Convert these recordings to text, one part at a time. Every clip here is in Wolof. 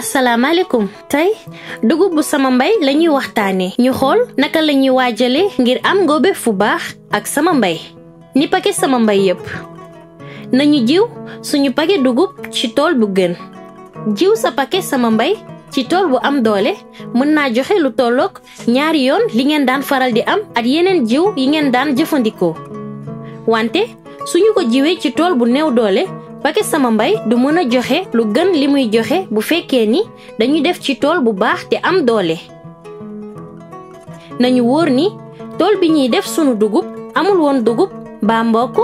asalaamaaleykum tey dugub bu sama mbay lañuy ñuy waxtaanee ñu xool naka lañuy waajale ngir am ngóobe fu baax ak sama mbay ni pake sama mbay yépp nañu jiw suñu pake dugub ci tool bu gën jiw sa pake sama mbay ci tool bu am doole mën naa joxe lu tollook ñaari yoon li ngeen daan faral di am ak yeneen jiw yi ngeen daan jëfandikoo wante suñu ko jiwee ci tool bu néew doole paquet sama mbay du mën a joxe lu gën li muy joxe bu fekkee ni dañu def ci tool bu baax te am doole. nañu wóor ni tool bi ñuy def sunu dugub amul woon dugub ba mbokk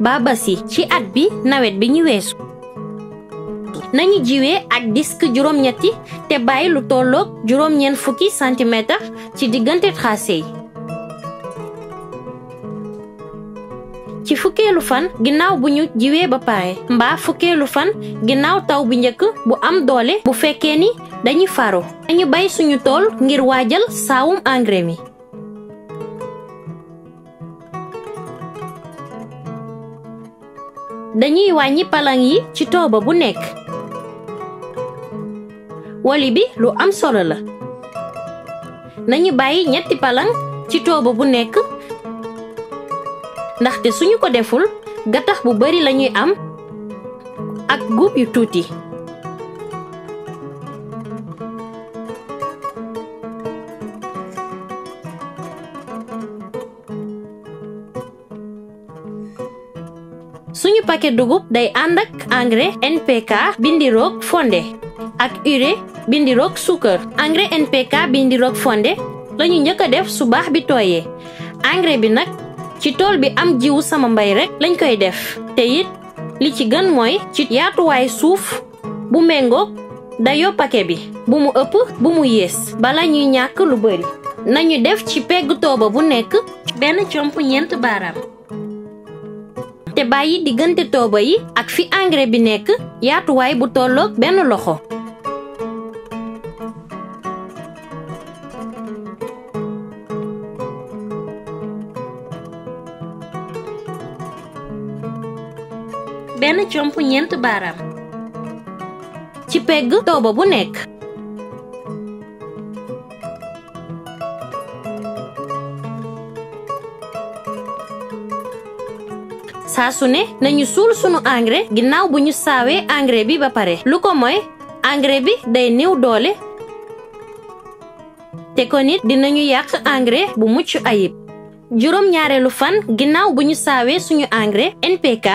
ba basi ci at bi nawet bi ñu weesu. nañu jiwee ak disque juróom-ñetti te bàyyi lu tolloog juróom-ñeent fukki centimètre ci diggante tracé yi. ci fukkeelu fan ginnaaw bu ñu jiwee ba pare mbaa fukkeelu fan ginnaaw taw bu njëkk bu am doole bu fekkee ni dañuy faru dañu bay suñu tool ngir waajal saawum engrais mi dañuy wàññi palang yi ci tooba bu nekk woli bi lu am solo la nañu bàyyi ñetti palang ci tooba bu nekk ndaxte suñu ko deful gattax bu bari lañuy am ak guub yu tuuti suñu paquet dugub day ànd ak engrais NPK bindiroog fonde ak urée bindiroog suukar engrais NPK bindiroog fonde lañu njëkk a def su baax bi tooyee engrais bi nag ci tool bi am jiwu sama mbay rekk lañ koy def te it li ci gën mooy ci yaatuwaay suuf bu méngoo da yoppake bi bu mu ëpp bu mu yées bala ñuy ñàkk lu bari nañu def ci pegg tooba bu nekk benn comp ñeent baaraam te bàyyi di diggante tooba yi ak fi engrais bi nekk yaatuwaay bu tollook benn loxo benn comp ñeent baaraam ci pegg toobo bu nekk saa su ne nañu suul sunu engrais ginnaaw bu ñu saawee engrais bi ba pare lu ko mooy engrais bi day néew doole te ko nit dinañu yàq engrais bu mucc ayib juróom ñaareelu fan ginnaaw bu ñu saawee suñu engrais NPK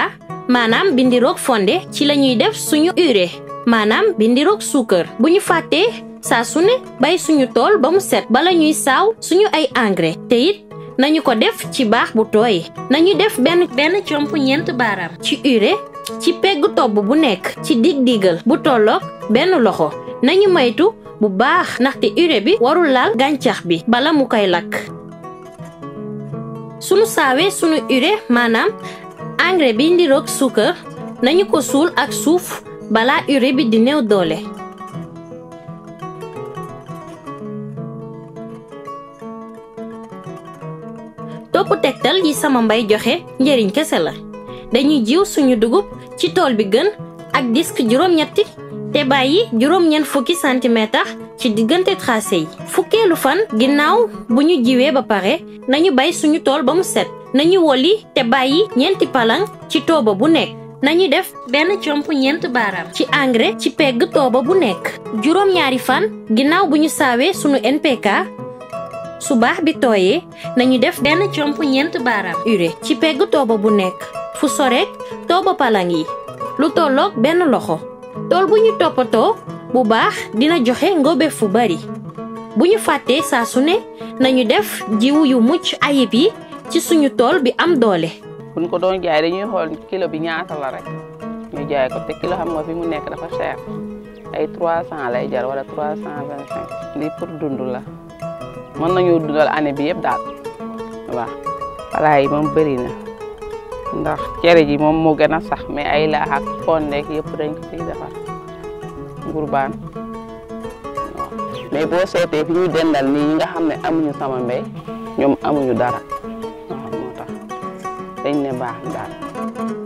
maanaam bindiroog fonde ci la ñuy def suñu urée maanaam bindiroog suukar bu ñu fàttee saa su ne bay suñu tool ba mu set bala ñuy saaw suñu ay engrais te it nañu ko def ci baax bu tooy nañu def benn benn comp ñeent baaraam ci urée ci pegg tobb bu nekk ci dig-digal bu tolloog benn loxo nañu maytu bu baax ndaxte urée bi warul laal gàncax bi bala mu koy lakk sunu saawee sunu urée maanaam engrais bi liroog suukar nañu ko suul ak suuf bala urée bi di néew doole. topp tegtal yi sama mbay joxe njëriñ kese la dañuy jiw suñu dugub ci tool bi gën ak disque juróom te bàyyi juróom fukki centimètre ci diggante tracé yi. fukkeelu fan ginnaaw bu ñu jiwee ba pare nañu bay suñu tool ba mu set. nañu woli te bàyyi ñeenti palan ci tooba bu nekk nañu def benn comp ñeent baaraam ci engrais ci pegg tooba bu nekk juróom-ñaari fan ginnaaw bu ñu saawee sunu NPK su baax bi tooyee nañu def benn comp ñeent baaraam urée ci pegg tooba bu nekk fu soreek tooba palan yi lu tolloog benn loxo tool bu ñu toppatoo bu baax dina joxe ngóobeef fu bari bu ñu fàttee saa su ne nañu def jiwu yu mucc ayib yi ci suñu tool bi am doole. buñ ko doon jaay dañuy xool kilo bi ñaata la rek ñu jaay ko te kilo xam nga fi mu nekk dafa cher ay 300 lay jar wala 325 lii pour dund la mën nañu dundal année bi yëpp daal waaw falaa yi moom bëri na ndax cere ji moom moo gën a sax mais ay laax ak nekk yëpp dañ ko ciy defar ngurbaan mais boo seetee fi ñu dendal nii ñi nga xam ne amuñu sama mbéy ñoom amuñu dara dañ ne baax daal